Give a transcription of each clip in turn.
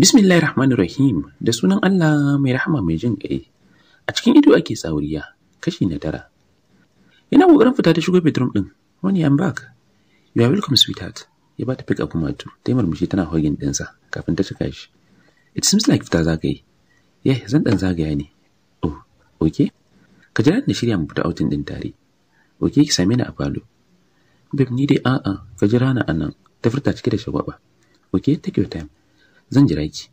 Bismillahirrahmanirrahim da sunan Allah mai rahama mai jin ƙai. A cikin ido ake tsawuriya, kashi na tara. Ina ƙoƙarin fita ta shigo bedroom ɗin, wani yan back. You are welcome sweetheart. Ya bata pick up kumatu, ta yi murmushi tana hogin ɗinsa kafin ta cika shi. It seems like fita zagaye. Yeah, zan ɗan zagaya ne. Oh, okay. Ka jira na shirya mu fita outing ɗin tare. oke ki same ni a falo bib ni dai a'a ka jira ni anan ta furta cike da shagwaba oke take your time zan jira ki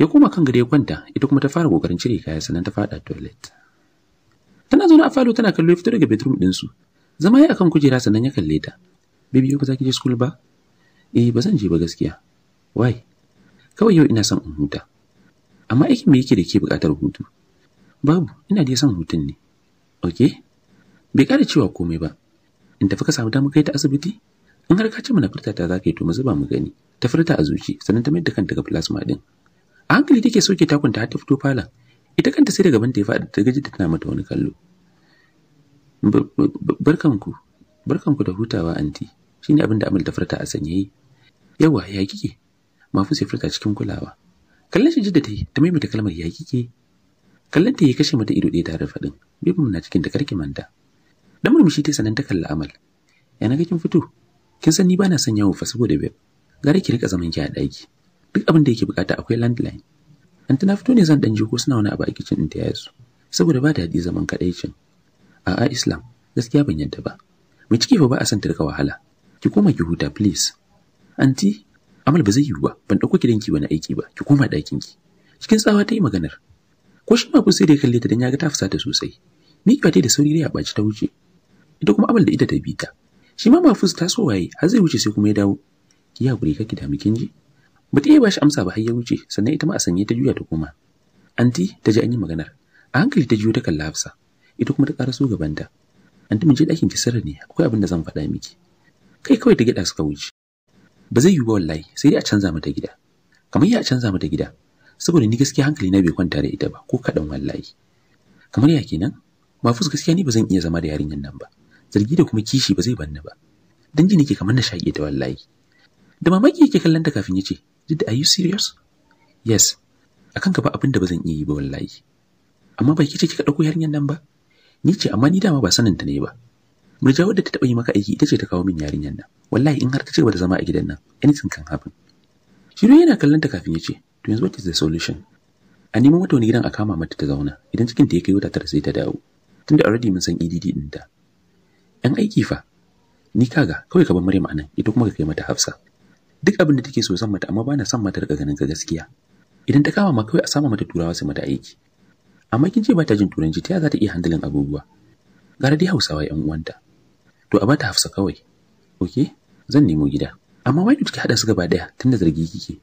ya koma kan gare ya kwanta ita kuma ta fara kokarin cire kaya sannan ta fada toilet tana zaune a falo tana kallo fito daga bedroom din su zama ya akan kujera sannan ya kalle ta baby yau ba za ki je school ba eh ba zan je ba gaskiya why kawai yau ina son in huta amma aikin me yake da ke bukatar hutu babu ina dai son hutun ne okay bai kare cewa komai ba in tafi ka samu damar kai ta asibiti in har ka ce mana furta ta zaka ka yi to mu zuba mu gani ta furta a zuci sannan ta mai da kanta ga plasma din a hankali take soke takunta har ta fito fala ita kanta sai daga ban ta ya faɗi ta gaji ta tana mata wani kallo barkanku barkanku da hutawa anti shine abin da Amal ta furta a sanye yawa ya kike mafu sai furta cikin kulawa kallon shi jidda ta yi ta maimaita kalmar ya kike kallon ta yi kashe mata ido ɗaya tare faɗin bibin na cikin da karki manta Dan murmushi ta sanan ta kalli Amal. Ya naga kin fito? Kin san ni bana son yawo fa saboda babe. Gare ki rika zaman ki a daki. Duk abin da yake bukata akwai landline. An tana fito ne zan dan je ko suna wani abu a kitchen din ta yasu. Saboda ba daɗi zaman a A'a Islam, gaskiya ban yadda ba. Mai ciki fa ba a son ta wahala. Ki koma ki huta please. Anti, Amal ba zai yiwu ba. Ban dauko gidanki wani aiki ba. Ki koma dakin ki. Cikin tsawa ta yi maganar. Ko shi ma sai da ya kalle ta dan ya ga ta fusata sosai. Mikiwa ta da sauri dai ya baci ta wuce. ita kuma abin da ita ta bi ta shi ma mafus ta so waye har zai wuce sai kuma ya dawo ki ya gure kake da kin ji ba ta iya bashi amsa ba har ya wuce sannan ita ma a sanye ta juya ta koma anti ta ji an yi maganar a hankali ta juyo ta kalla hafsa ita kuma ta ƙara gaban ta anti mun je ɗakin ki sirri ne akwai abin da zan faɗa miki kai kawai ta gida suka wuce ba zai yiwu ba wallahi sai dai a canza mata gida kamar ya a canza mata gida saboda ni gaskiya hankali na bai kwanta da ita ba ko kaɗan wallahi kamar ya kenan mafus gaskiya ni ba zan iya zama da yarinyar nan ba zargi da kuma kishi ba zai banna ba dan ji nake kamar na shaƙe ta wallahi da mamaki yake kallon ta kafin yace did are you serious yes akan gaba abin da ba zan iya yi ba wallahi amma ba kice kika dauko yarinyar nan ba ni ce amma ni dama ba sanin ta ne ba jawo da ta taba yi maka aiki ita ce ta kawo min yarinyar nan wallahi in har ta ce ba ta zama a gidan nan anything can happen shiru yana kallon ta kafin yace to yanzu what is the solution a nemo mata wani gidan a kama mata ta zauna idan cikin ta ya kai wata tara sai ta dawo tunda already mun san EDD din ta 'yan aiki fa ni kaga kawai ka bar Maryam anan ita kuma ka kai mata Hafsa duk abin da take so san mata amma bana son mata daga ganin ka gaskiya idan ta kama ma kawai a sama mata turawa sai mata aiki amma kin ce ba ta jin turanci ta za ta iya handling abubuwa gara dai Hausawa 'yan uwanta to a bata Hafsa kawai okay zan nemo gida amma wai kike hada su gaba daya tunda zargi kike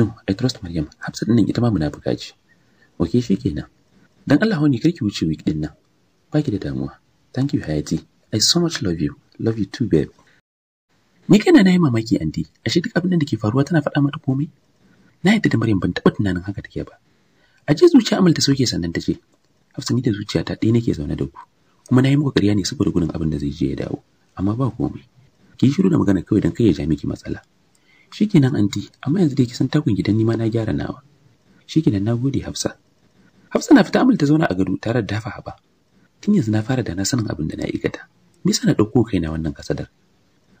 no i trust Maryam Hafsa din ita ma munafuka ce okay shikenan dan Allah wani karki wuce week din nan baki da damuwa thank you hayati I so much love you. Love you too, babe. Ni kaina na yi mamaki, Andy. Ashe duk abin da ke faruwa tana faɗa mata komai? Na yadda da Maryam ban taɓa tunanin haka take ba. A je zuciya Amal ta soke sannan ta ce, Hafsa ni da ta ɗaya nake zaune da ku. Kuma na yi muku ƙarya ne saboda gudun abin da zai je ya dawo. Amma ba komai. Ki shiru da magana kawai don kai ya ja miki matsala. Shikenan anti, amma yanzu dai kisan takun gidan nima na gyara nawa. Shikenan na gode Hafsa. Hafsa na fita Amal ta zauna a gado tare da dafa haba. Tun yanzu na fara da na sanin abin da na aikata. yasa na ɗauko na wannan kasadar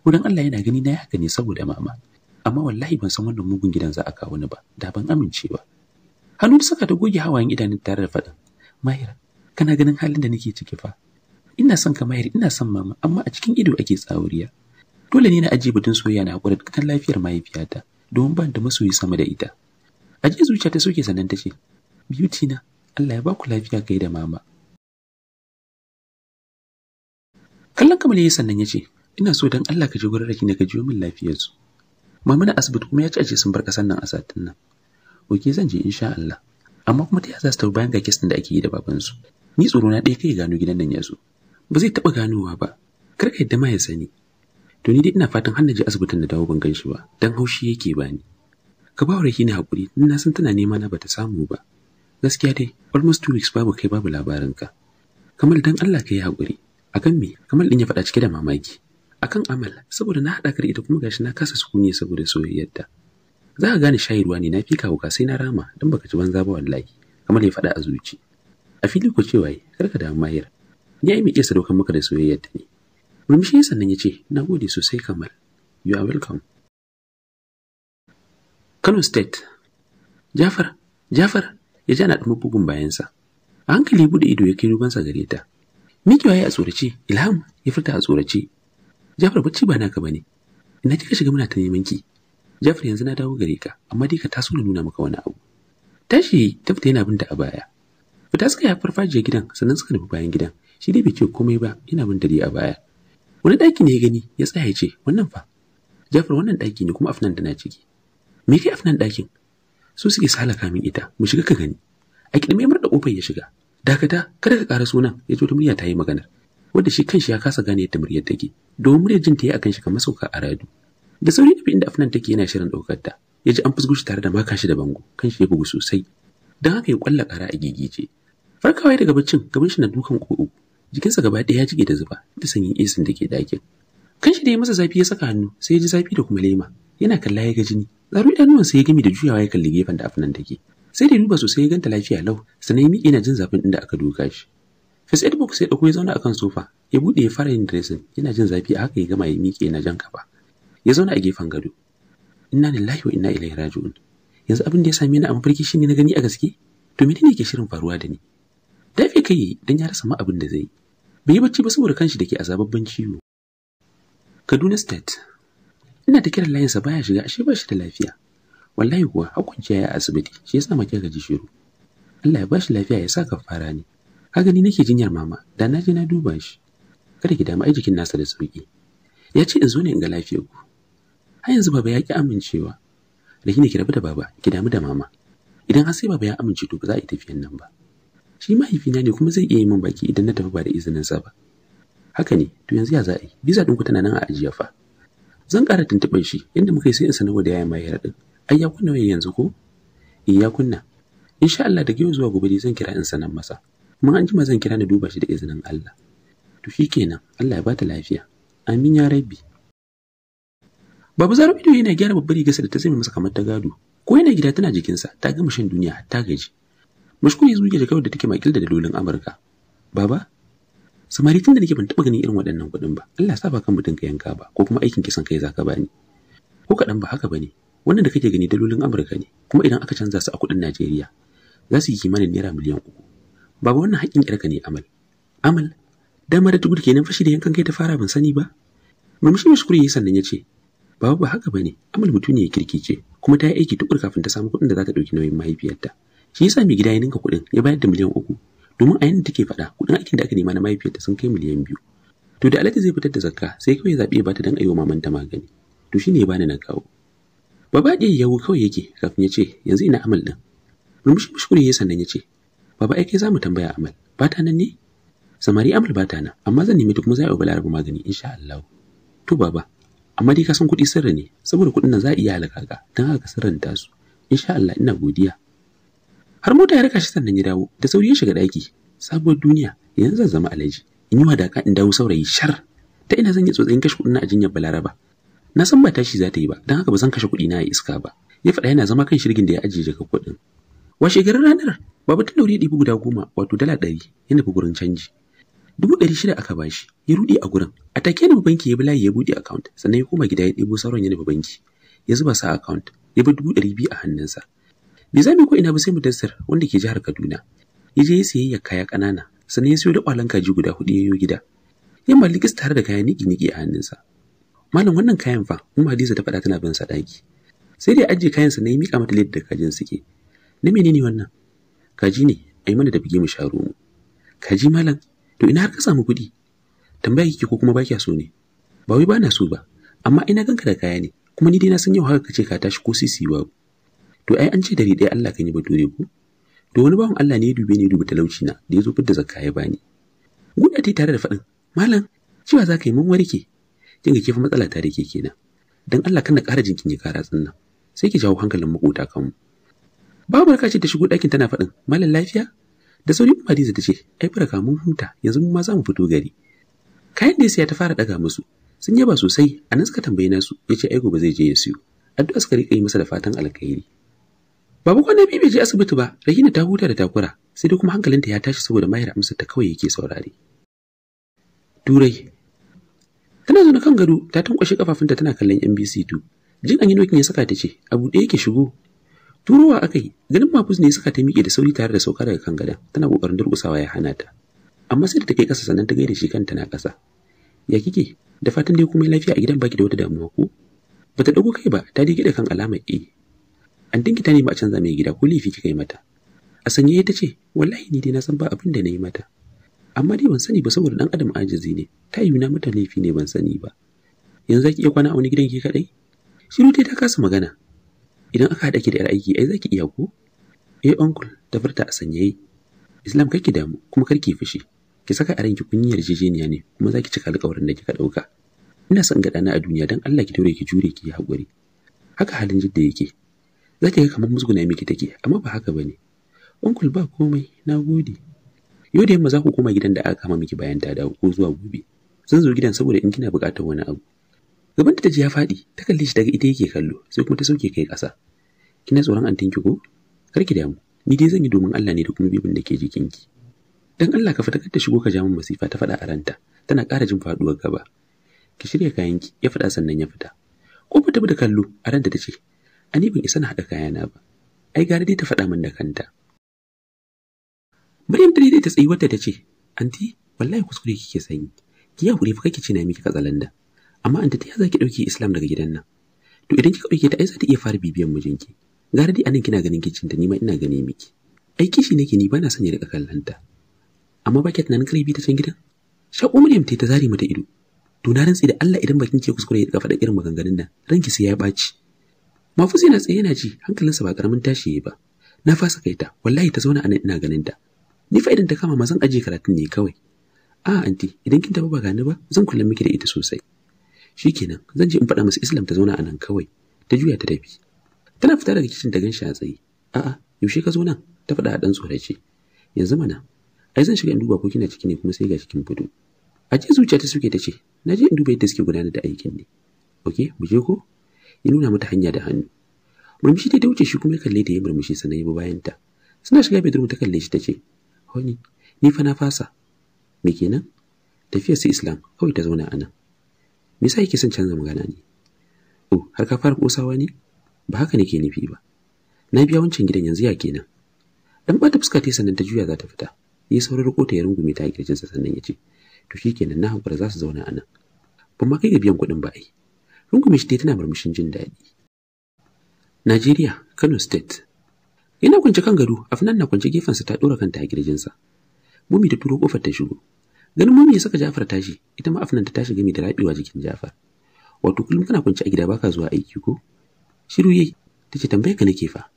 wurin Allah yana gani na haka ne saboda mama amma wallahi ban san wannan mugun gidan za a kawo ni ba da ban amince ba hannu saka ta goge hawayen idanun tare da faɗin mahira kana ganin halin da nake ciki fa ina son ka mahira ina son mama amma a cikin ido ake tsauriya. dole ne na ajiye batun soyayya na hakuri kan lafiyar mahaifiyata domin ban da masoyi sama da ita aje zuciya ta soke sannan ta ce beauty na Allah ya ba ku lafiya kai da mama kallon kamar yayi sannan ya ce ina so don Allah ka je gurin rakin da ka jiyo min lafiyarsu mamana asibiti kuma ya a aje sun bar kasan nan a satin nan oke zan je insha Allah amma kuma ta yaya za su tafi bayan ga kisan da ake yi da babansu ni tsoro na ɗaya kai gano gidan nan yanzu ba zai taɓa ganowa ba kar ka yadda ma ya sani to ni dai ina fatan har je asibitin da dawo ban gan shi ba dan haushi yake bani ka ba wa rahina hakuri na san tana nema na bata samu ba gaskiya dai almost two weeks babu kai babu labarin ka. kamar dan Allah ka hakuri akan me kamar din ya faɗa cike da mamaki akan amal saboda na haɗa kare ita kuma gashi na kasa sukuni saboda soyayyarta za ka gane shayarwa ne na fi kawo wuka sai na rama don baka ci banza ba wallahi kamar ya faɗa a zuci a fili ko cewa kar ka damu mahir ni ai mai iya sadaukar maka da soyayyarta ne murmushi sannan ya ce na gode sosai kamal you are welcome Kano State. Jafar, Jafar ya ja ana ɗan bugun bayansa. A hankali bude ido ya kai dubansa gare ta. Miki waye a tsorace, Ilham ya furta a tsorace. Jafar bacci ba naka bane. Ina kika shiga muna ta neman ki. Jafar yanzu na dawo gare ka, amma dai ka taso da nuna maka wani abu. Tashi ta fita yana binta a baya. Fita suka yi farfajiyar gidan sannan suka nufi bayan gidan. Shi dai bai ce komai ba yana bin dare a baya. Wani ɗaki ne ya gani ya tsaya ya ce wannan fa. Jafar wannan ɗaki ne kuma afnan tana ciki. Me kai afnan ɗakin? Su suke salaka min ita mu shiga ka gani. A kiɗa mai murɗa ƙofar ya shiga. dakata kada ka ƙara sunan ya ta murya ta yi maganar wanda shi kanshi ya kasa gane yadda muryar take domin muryar jin ta yi akan shi kamar sauka a radu da sauri da inda afnan take yana shirin ɗaukar ta ya ji an fusgo shi tare da maka shi da bango kanshi ya bugu sosai don haka ya kwalla ƙara a gigice farkawa daga baccin gaban shi na dukan ƙo'o jikinsa gaba ɗaya ya jige da zuba da sanyin esin da ke ɗakin kanshi da ya masa zafi ya saka hannu sai ya ji zafi da kuma lema yana kalla ya ga jini tsaro idanuwansa ya gami da juyawa ya kalli gefen da afnan take sai da duba sosai ya ganta lafiya lau sannan ya miƙe na jin zafin inda aka duka shi first edmund sai ɗauko ya zauna akan sofa ya buɗe, ya fara yin dressing yana jin zafi a haka ya gama ya miƙe na jan kafa ya zauna a gefen gado inna lillahi ina ina ilaihi raji'un yanzu abin da ya same ni a mafarki shi ne na gani a gaske to ne ke shirin faruwa da ni dafe kai dan ya rasa ma abin da zai bai yi bacci ba saboda kanshi dake azababban ciwo Kaduna State ina ta kiran layinsa baya shiga ashe ba shi da lafiya wallahi kuwa har kwanciya a asibiti shi yasa maka gaji shiru Allah ya bashi lafiya ya sa kafara ne ka gani nake jinyar mama da na je na duba shi kada ki damu ai nasa da sauki ya ce in zo ne in ga lafiyar ku har yanzu baba ya ki amincewa da kine ki rabu da baba ki damu da mama idan har sai baba ya amince to ba za a yi tafiyan nan ba shi mahaifina ne kuma zai iya yi min baki idan na tafi ba da izininsa ba haka ne to yanzu ya za a yi biza dinku tana nan a ajiya fa zan ƙara tuntuɓar shi yadda muka yi sai in sanarwa da yayan ɗin ai ya kunna wayan yanzu ko eh ya kunna insha Allah daga yau zuwa gobe zan kira in sanan masa kuma an jima zan kira ni duba shi da izinin Allah to shikenan Allah ya bata lafiya amin ya rabbi babu zaro ido yana gyara babbar rigarsa da ta zame masa kamar ta gado ko yana gida tana jikinsa ta gama shan duniya ta gaji mashkuri ya zuge kawai da take makil da dalolin Amurka baba samari tun da nake ban taɓa ganin irin waɗannan kuɗin ba Allah sa ba kan mutum ka yanka ba ko kuma aikin kisan kai zaka bani ko kaɗan ba haka bane wannan da kake gani dalolin amurka ne kuma idan aka canza su a kuɗin najeriya za su yi kimanin naira miliyan uku babu wannan haƙƙin yarka ne amal amal dama da tugur kenan fashi da yankan kai ta fara ban sani ba murmushi mashkuri yayi sannan ya ce babu ba haka bane amal mutum ne ya kirki ce kuma ta yi aiki tukur kafin ta samu kuɗin da za ta ɗauki nauyin mahaifiyarta shi yasa mai gida ya ninka kuɗin ya bayar da miliyan uku domin a yanda take faɗa kuɗin aikin da aka nema na mahaifiyarta sun kai miliyan biyu to da alhaji zai fitar da zakka sai kawai zaɓi ya bata don ayi wa mamanta magani to shine ya bani na kawo Baba ya yawo kawai yake kafin ya ce yanzu ina amal din murmushi mushkuri ya sannan ya ce baba ai kai za mu tambaya amal ba ta nan ne samari amal ba ta nan amma zan nemi ta kuma za a yi balarabu magani insha Allah to baba amma dai ka san kuɗi sirri ne saboda kuɗin nan za a iya halaka don haka ka sirrin tasu. insha Allah ina godiya har mota ya raka shi sannan ya dawo da sauri ya shiga ɗaki sabuwar duniya yanzu zan zama alaji in yi wadaka in dawo saurayi shar ta ina zan yi tsotsayin kashe kuɗin na a jinyar balaraba na san ba tashi za ta yi ba don haka ba zan kashe kuɗi na iska ba ya faɗa yana zama kan shirgin da ya ajiye daga kuɗin washe garin ranar Babu ta daure ɗibu guda goma wato dala ɗari ya nufi gurin canji dubu ɗari shida aka ba shi ya ruɗe a gurin a take ya nufi banki ya bi layi ya buɗe akawunt, sannan ya koma gida ya ɗebo sauran ya nufi banki ya zuba sa akawunt. ya bi dubu ɗari biyu a hannunsa bai zame ko ina ba sai mudassir wanda ke jihar kaduna ya je ya sayayya kaya ƙanana sannan ya siyo da ƙwalan kaji guda huɗu ya yo gida yamma ligis tare da kayan niki-niki a hannunsa malam wannan kayan fa mu hadiza ta faɗa tana bin sa sai dai ajiye kayan sa na yi mika mata da kajin suke na menene wannan kaji ne ai mana da bige mu sharo mu kaji malam to ina har ka samu kuɗi tambaya kike ko kuma ba kiya so ne ba wai bana so ba amma ina ganka da kaya ne kuma ni dai na san yau haka kace ka tashi ko sisi ba to ai an ce dari ɗaya Allah kan yi bature ku? to wani bawan Allah ne ya dube ni dubi talauci na da ya zo fidda zakka ya bani guda tai tare da faɗin malam cewa za ka yi mun warke kin ga kifa matsala ta rike kenan dan Allah kana ƙara jinkin ya kara tsinna sai ki jawo hankalin makota kanmu barka ce ta shigo ɗakin tana faɗin malam lafiya da sauri Hadiza ta ce ai baraka mun huta yanzu mu ma za mu fito gari kayan da ya ta fara daga musu sun yaba sosai a nan suka tambaye nasu ya ce ai gobe zai je ya siyo addu'a suka rika yi masa da fatan alkhairi Babu kwana biyu bai je asibiti ba, Rahina ta huta da takura, sai dai kuma hankalinta ya tashi saboda Mahir amsa ta kawai yake saurare. Turai, tana zaune kan gado ta tankwashe kafafunta tana kallon NBC2 jin an yi nokin ya saka ta ce a buɗe yake shigo turowa aka yi ganin mafus ne ya saka ta miƙe da sauri tare da sauka daga kan gadon tana ƙoƙarin durƙusawa ya hana ta amma sai da ta kai ƙasa sannan ta gaida shi kanta na ƙasa ya kike da fatan dai kuma lafiya a gidan baki da wata damuwa ko bata dago kai ba ta dai da kan alamar E an dinki ta nemi a canza mai gida ko laifi kika yi mata a sanye ta ce wallahi ni dai na san ba abin da na yi mata amma dai ban sani ba saboda dan adam ajizi ne ta yi na mata laifi ne ban sani ba yanzu zaki iya kwana a wani gidan ki kadai shiru ta kasa magana idan aka haɗa ki da yar aiki ai zaki iya ko eh uncle ta furta a sanyaye islam da damu kuma karki ki fushi ki saka a ranki kun yarjejeniya ne kuma zaki cika alƙawarin da kika dauka ina son ga dana a duniya dan Allah ki dore ki jure ki hakuri haka halin jidda yake zaki ga kamar musguna miki take amma ba haka bane uncle ba komai nagode yau da yamma za ku koma gidan da aka kama miki bayan ta dawo ko zuwa gobe zan zo gidan saboda in kina buƙatar wani abu gaban ta ji ya faɗi ta kalle shi daga ita yake kallo sai kuma ta sauke kai ƙasa kina tsoron antin ki ko kar ki damu ni dai zan yi domin Allah ne da kuma bibin da ke jikinki dan Allah ka fita ta shigo ka ja min masifa ta faɗa a ranta tana ƙara jin faɗuwar gaba ki shirya kayan ki. ya faɗa sannan ya fita ko ta bi da kallo a ranta ta ce ani ban isa na haɗa kayana ba ai gara dai ta faɗa min da kanta Maryam ta daidaita tsayuwarta ta ce, "Anti, wallahi kuskure kike sanyi. Ki hakuri fa ce na miki katsalanda. Amma anti ta za ki dauke Islam daga gidan nan?" To idan kika dauke ta ai za ta iya fara bibiyan mijinki. Gara dai anan kina ganin kicin ta ni ma ina ganin miki. Aiki shi nake ni bana son ya riƙa kallonta. Amma ba ke tunanin bi ta can gidan? Shaƙo Maryam ta ta zari mata ido. To na rantsi da Allah idan bakin ke kuskure ya faɗa irin maganganun nan, ranki sai ya ɓaci. Mafus yana tsaye yana ji, hankalinsa ba karamin tashi yayi ba. Na fasa kaita, wallahi ta zauna anan ina ganin ta. ni fa idan ta kama ma zan ajiye karatun ne kawai a anti idan kin tafi ba gani ba zan kula miki da ita sosai Shi kenan, zan je in faɗa masa islam ta zauna a nan kawai ta juya ta tafi tana fita daga kicin ta ganshi a tsaye a'a yaushe ka zo nan ta faɗa a ɗan tsorace yanzu mana ai zan shiga in duba ko kina ciki ne kuma sai ga cikin fito a ce zuciya ta suke ta ce na je in duba yadda suke gudanar da aikin ne oke mu je ko ya nuna mata hanya da hannu murmushi ta wuce shi kuma ya kalle ta ya murmushi sannan ya bi bayanta suna shiga bedroom ta kalle shi ta ce ni ni fa na fasa me kenan tafiyar su islam kawai ta zauna anan me yasa yake son canza magana ne oh har ka fara kosawa ne ba haka nake nufi ba na biya wancan gidan yanzu ya kenan dan bata fuska ta sannan ta juya za ta fita yi saurin riko ta ya rungume ta a kirjinsa sannan ya ce to kenan na hankura za su zauna anan ban ma kai ga biyan kuɗin ba ai rungume shi tana murmushin jin daɗi Najeriya, Kano State, Ina kwance kan gado, Afnan na kwance gefen sa ta dora kanta a girjinsa. Mumi ta turo kofar ta shigo. Ganin Mumi ya saka Jafar tashi, ita ma Afnan ta tashi gami da rabewa jikin Jafar. Wato kullum kana kwance a gida baka zuwa aiki ko? Shiru yayi, tace tambaye ka nake fa.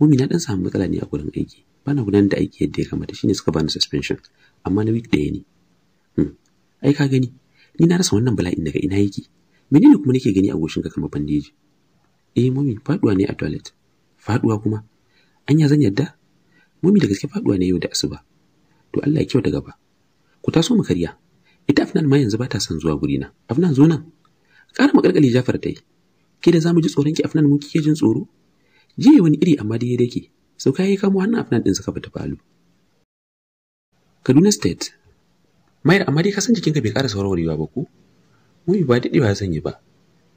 Mumi na dan samu matsala ne a gurin aiki. Bana gudanar da aiki yadda ya kamata shine suka bani suspension, amma na week ɗaya ne. Hmm. Ai ka gani, ni na rasa wannan bala'in daga ina yake. Menene kuma nake gani a goshin ka kamar bandeji? Eh Mumi, faduwa ne a toilet. Faduwa kuma anya zan yadda mumi da gaske faduwa ne yau da asuba to Allah ya daga ba ku taso mu karya ita afnan ma yanzu ba ta son zuwa guri na afnan zo nan ƙara makalkali Jafar ta yi ke da zamu ji tsoron ki afnan mun kike jin tsoro jiya wani iri amma dai yake sau kai kamo hannun afnan din suka fita falo Kaduna State Mayar amma dai ka san jikinka bai ƙara riwa ba ko mumi ba dadewa zan yi ba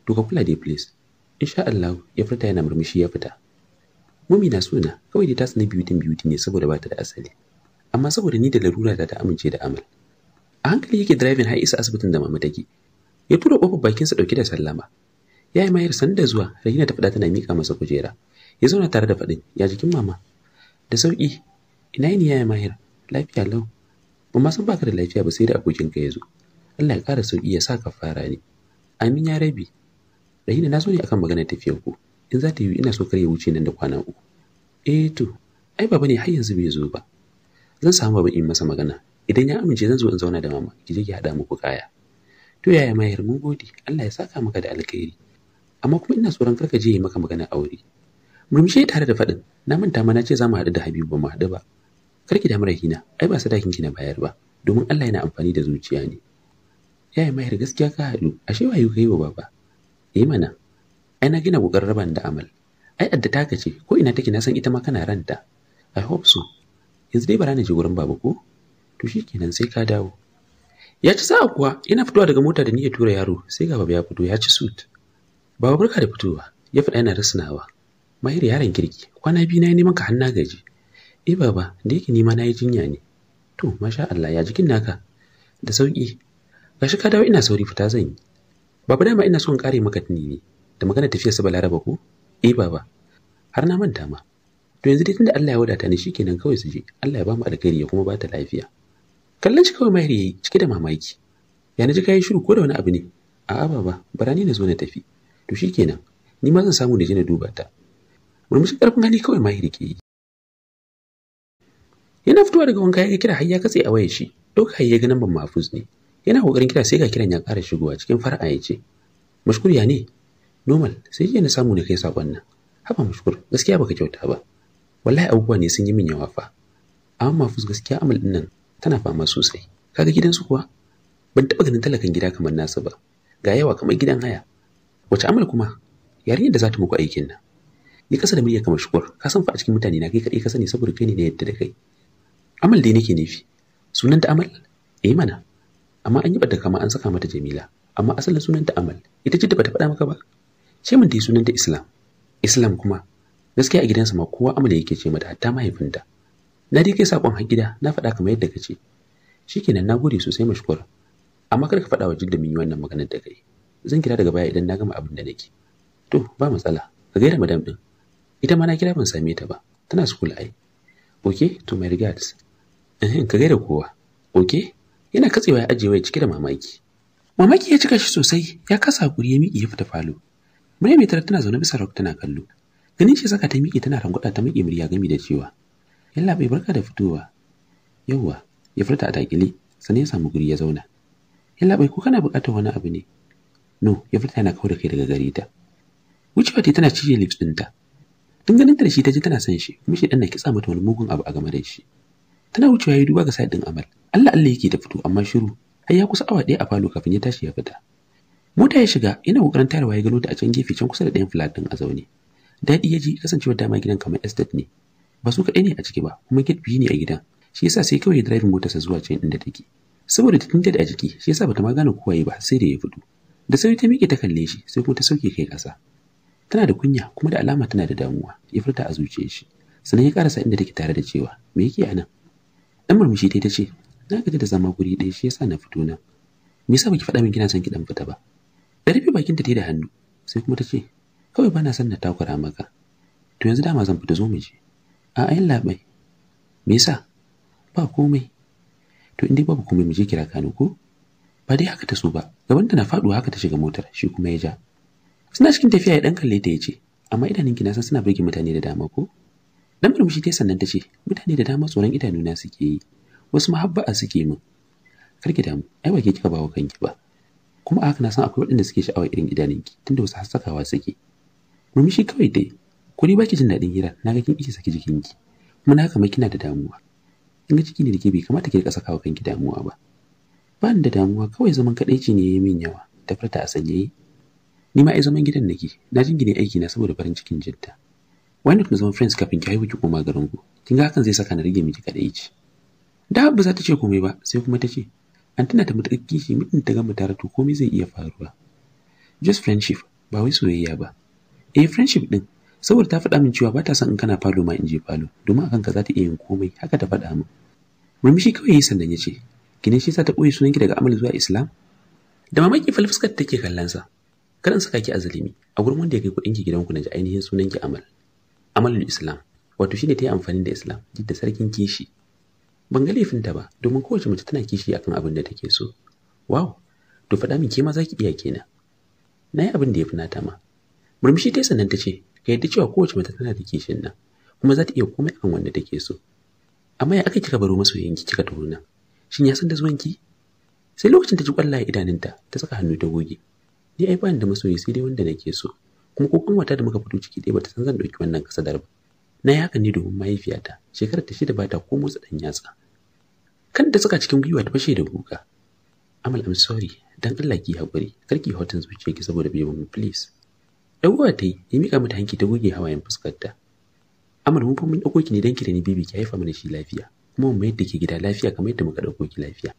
to ka kula dai please insha Allah ya furta yana murmushi ya fita Mummy na suna kawai da tasu na tun biyu ne saboda ba da asali amma saboda ni da larura da ta amince da amal a hankali yake driving har isa asibitin da mama take ya tura kofar sa dauke da sallama ya yi mayar sanda zuwa rahina ta faɗa tana mika masa kujera ya zauna tare da faɗin ya jikin mama da sauƙi ina ne ya yi mayar lafiya lau ba ma san baka da lafiya ba sai da abokinka ya zo Allah ya kara sauki ya sa ka fara ne amin ya rabi rahina na so ne akan magana tafiyar ku in za ta yi ina so kar ya wuce nan da kwana uku eh to ai baba ne har yanzu bai zo ba zan samu baba in masa magana idan ya amince zan zo in zauna da mama ki je ki haɗa muku kaya to yaya mayar mun gode Allah ya saka maka da alkhairi amma kuma ina tsoron karka je yi maka magana aure murmushi tare da faɗin na manta ma na ce za mu haɗu da Habibu ba mu haɗu ba karki da rahina. ai ba sadakin ki na bayar ba domin Allah yana amfani da zuciya ne yaya mayar gaskiya ka haɗu ashe wayo kai wa baba yi eh mana ai na gina kokar raban da amal ai adda ta kace ko ina take na san ita ma kana ranta i hope so yanzu dai bara na je gurin baba ko to shikenan sai ka dawo ya ci sa'a kuwa ina fitowa daga mota da ya tura yaro sai ga baba ya fito ya ci suit baba barka da fitowa ya faɗa yana rasnawa mahir yaron kirki kwana biyu na yi neman ka hanna gaji eh baba da yake nima na yi jinya ne to masha Allah ya jikin naka da sauki gashi ka dawo ina sauri fita zan yi baba dama ina son kare maka tuni ne da magana tafiyar sa balaraba ko eh baba har na manta ma to yanzu dai tunda Allah ya wadata ni shikenan kawai su je Allah ya ba mu alkhairi ya kuma ba ta lafiya kallon shi kawai mahiri yayi cike da mamaki ya ji kai shiru ko da wani abu ne a'a baba barani na zo na tafi to shikenan ni ma zan samu da je na duba ta murmushin karfin hali kawai mahiri ke yi yana fitowa daga wanka ya kira "hayya, ya katse a wayar shi ɗauka hayya ga namban mafuz ne yana kokarin kira sai ga kiran ya kara shigowa cikin fara'a ya ce ne normal sai jiya na samu na kai sakon nan haba mashkur gaskiya baka kyauta ba wallahi abubuwa ne sun yi min yawa fa amma mafus gaskiya amal din nan tana fama sosai kaga gidansu kuwa ban taba ganin talakan gida kamar nasu ba ga yawa kamar gidan haya wace amal kuma yarinyar da za ta muku aikin nan ni kasa da murya kamar shukur ka san fa a cikin mutane na kai kadai ka sani saboda kai ne na yadda da kai amal dai nake nufi sunanta amal eh mana amma an yi bata kama an saka mata jamila amma asalin sunanta amal ita ce da bata faɗa maka ba sai mun sunan sunanta Islam Islam kuma gaskiya a gidansa ma kowa amala yake ce mata hatta mahaifinta na dai kai sakon har gida na faɗa kamar yadda kace kenan na gode sosai mashkura amma kar ka faɗa wa jidda mun yi wannan maganar da kai zan kira daga baya idan na gama abin da nake to ba matsala ka gaira madam din ita ma na kira ban same ta ba tana school ai okay to my regards eh ka gaira kowa okay yana katsewa ya ajiye wai cike da mamaki mamaki ya cika shi sosai ya kasa hakuri ya miƙe ya fita falo Murya mai tana zaune bisa rock tana kallo. Ganin shi saka ta miƙe tana rangwada ta miƙe murya gami da cewa Yalla bai barka da fitowa. Yawwa, ya furta a takile sannan ya samu guri ya zauna. Yalla bai ko kana buƙatar wani abu ne? No, ya furta yana kawo da kai daga gare ta. Wucewa ta tana cije lips ɗinta. Tun ganin ta da shi ta ji tana son shi, kuma shi ɗan na kitsa mata wani mugun abu a game da shi. Tana wucewa ya duba ga sa'id ɗin Amal. Allah Allah yake ta fito amma shiru. Har ya kusa awa ɗaya a falo kafin ya tashi ya fita. mota ya shiga yana kokarin tayarwa ya gano ta a can gefe can kusa da ɗayan flat din a zaune daɗi ya ji kasancewar dama gidan kamar estate ne ba su kaɗai ne a ciki ba kuma gate biyu ne a gidan shi yasa sai kawai ya driving motarsa zuwa can inda take saboda ta tinta da a jiki shi yasa bata ma gane kowa yi ba sai da ya fito da sauri ta miƙe ta kalle shi sai kuma ta sauke kai ƙasa tana da kunya kuma da alama tana da damuwa ya furta a zuciyar shi sannan ya karasa inda take tare da cewa me yake a nan dan murmushi ta ce na gaji da zama guri ɗaya shi yasa na fito nan me yasa baki faɗa min kina son ki dan fita ba rufe bakinta ta da hannu sai kuma ta ce kawai bana son na takura maka to yanzu dama zan fita zo mu je a ayin labai me yasa ba komai to indai babu komai mu je kira kanu ko ba dai haka ta so ba gaban ta na faɗuwa haka ta shiga motar shi kuma ya ja suna cikin tafiya ya dan kalle ta ce, amma idanunki na san suna burge mutane da dama ko dan murmushi ta sannan ta ce mutane da dama tsoron idanuna suke yi wasu mahabba'a suke min karki damu ai ba ke kika bawa kanki ba kuma a haka na san akwai waɗanda suke sha'awar irin ki tunda wasu sakawa suke murmushi kawai dai ko ni baki jin daɗin hira na ga kin iya saki jikin ki. kuma na haka ma kina da damuwa in ga ciki ne da ke bai kamata ki rika saka wa kanki damuwa ba ba da damuwa kawai zaman kadaici ne yayi min yawa ta farata a sanyaye ni ma ai zaman gidan nake na gine aiki na saboda farin cikin jinta. wai ne mu zama friends kafin ki haihu ki koma garin ku kin ga hakan zai saka na rage miki kadaici da ba za ta ce komai ba sai kuma ta ce an tana da matuƙar kishi mutum ta gama tare to komai zai iya faruwa just friendship ba wai soyayya ba eh friendship din saboda ta faɗa min cewa ba ta son in kana falo ma in je falo domin akan ka za ta iya yin komai haka ta faɗa min murmushi kawai yayi sannan ya ce Gidan shi sa ta ɓoye sunanki daga amal zuwa islam da mamaki ta take kallon sa in saka ki azalimi a gurin wanda ya kai kuɗin ki gidanku na ji ainihin sunanki amal amalul islam wato ne ta yi amfani da islam duk da sarkin kishi ban ga ta ba domin kowace mace tana kishi akan abin da take so wow to faɗa min ke ma za ki iya kenan na yi abin da ya fi nata ma murmushi ta sannan ta ce ka yadda cewa kowace mace tana da kishin nan kuma za ta iya komai akan wanda take so amma ya aka kika baro masoyinki kika taho shin ya san da ki? sai lokacin ta ji kwallaye idanunta ta saka hannu ta goge ni ai bani da masoyi sai dai wanda nake so kuma ko wata da muka fito ciki dai bata san zan dauki wannan kasadar ba na yi haka ne domin mahaifiyata shekarar ta shida bata ko motsa dan yatsa kan da suka cikin gwiwa ta fashe da kuka amal am sorry dan Allah ki hakuri karki hotin zuciya ki saboda bai mu please dan uwa ta yi ya mika mata hanki ta goge hawayen fuskar ta amal mun fa mun dauko ki ne dan ki da ni bibi ki haifa mana shi lafiya kuma mu mayar da ke gida lafiya kamar yadda muka dauko ki lafiya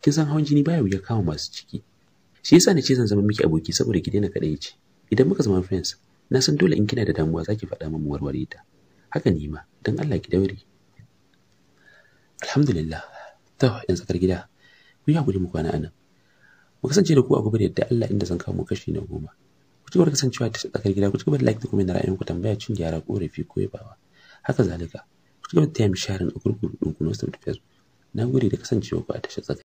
kin san hawan jini baya wuya kama masu ciki shi yasa ce zan zama miki aboki saboda ki daina kadai ce idan muka zama friends na san dole in kina da damuwa zaki faɗa min warware ta haka ni ma dan Allah ki daure alhamdulillah ta in gida ku hakuri mu kwana anan mu kasance da ku a gobe da yadda Allah inda zan kawo mu kashi na goma ku ci gaba kasancewa ta tsakar gida ku ci gaba da like da comment da ra'ayin ku tambaya cin gyara korafi ko yabawa haka zalika ku ci gaba da taya mi sharing a gurgurun ɗinku na wasu Facebook na da kasancewa ku a tashar tsakar